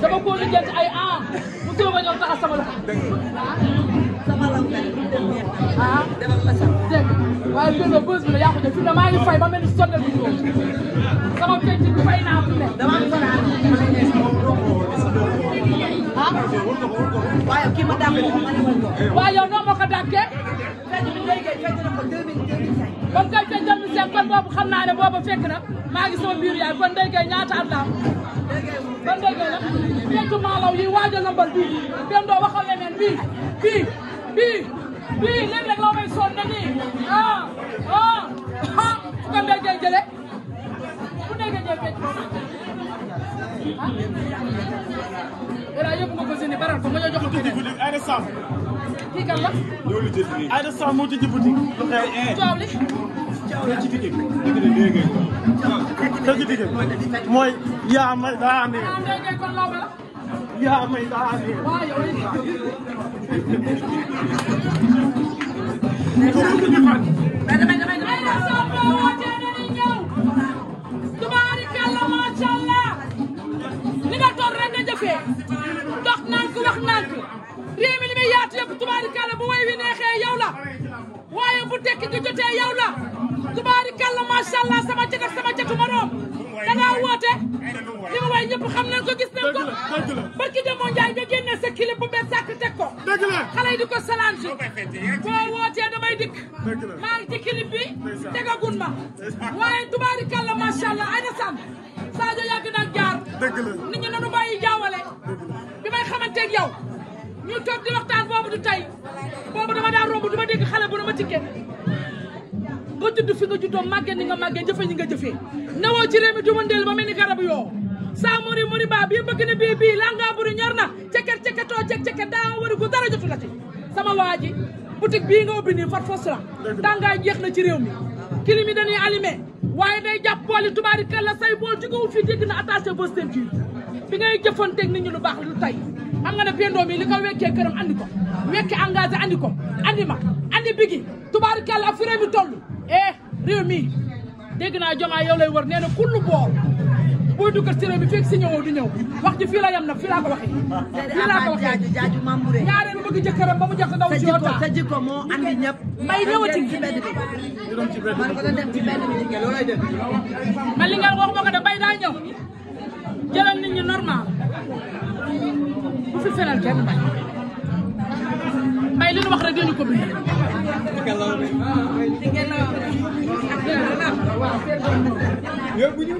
dama ko lu jël ay am mu toog a ñëw taxa sama loxo sama loxo ah dama ko sax dégg waaye bi no buzz bi la yàqu de fi na maa ngi fay ba mel ni sonnal bi sama fecc bi fay naa fi ne dama ko waaw yow kii ma dàqee ko waaw yow noo ma ko dàqee. fekk bi léegi fekk na ko 2005. ba mu koy fekk 2005 kon boobu xam naa ne boobu fekk na maa ngi sama biir yaay kon léegi ñaata at la am. kon léegi nag fekk maalaw yi waajal na mbal bii benn doo waxal leneen bii bii bii bii léegi rek loo may sonn na nii ah ah ah fu ko léegi jëlee fu léegi jëlee fekk ah. beral ko ma ñoo jox ko keneen Aïda Samb kii kan la ñoo lu jël nii Aïda Samb moo tijji boutique lu xew eh coow li coow la ci digg digg mooy yaa may daa ne yaa may daa ne waaw yow Tubaarikàlla macha Allah ni nga toog rek nga jëfee dox nànk wax nànk réew mi li muy yaatu yëpp tubaarikàlla bu way wi neexee yow la waaye bu tekki gi jotee yow la tubaarikàlla macha allah sama cet ak sama cetu moroom da ngaa woote li nga way ñëpp xam nañ ko gis nañ ko barki demoo Njaay nga génne sa clip bu bees sàkk teg ko xale yi di ko salaan si boo wootee damay dikk maa ngi ci clip bi tegagun ma waaye tubaarikàlla macha allah ay na sàmm Sadio yàgg na jaar ñu toog di waxtaan boobu du tey boobu dama daan romb du ma dégg xale bu dama tikke nga judd fi nga juddoo màggee ni nga màggee jëfe ñi nga jëfee nawoo ci réew mi duma ndeel ba mel ni garab yoo saa mori mori baa bii bëgg na bii bii langa buri ñor na ceker ceker too cek ceker daa wari gu dara jotu la ci sama waa ji boutique bii nga ubbi nii fat fos la tàngaay jeex na ci réew mi kilim yi dañuy allumé waaye day jàpp bool tubaari kal la say bool jugawul fii dégg na attaché bosteen ci bi ngay jëfanteeg nit ñi lu baax xam nga ne Pendo mi wekkee këram andi ko wekki engagé andi ko andi bigi tubaari kàlla ak fi réew mi toll eh réew mi dégg naa Jomaa yow lay wër nee na kullu bool buy duggal ci réew si ñëwoo du ñëw wax ji fii la yem nag fii laa ko waxee ba mu jox ndaw ci yoota sa may ñëwati ci mbedd bindal kenn mbay mbay li ñu wax rek lañu ko bindal. yéen bu ñu.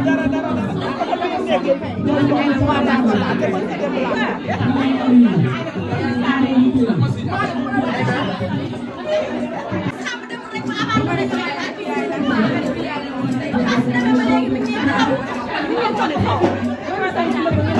darah darah darah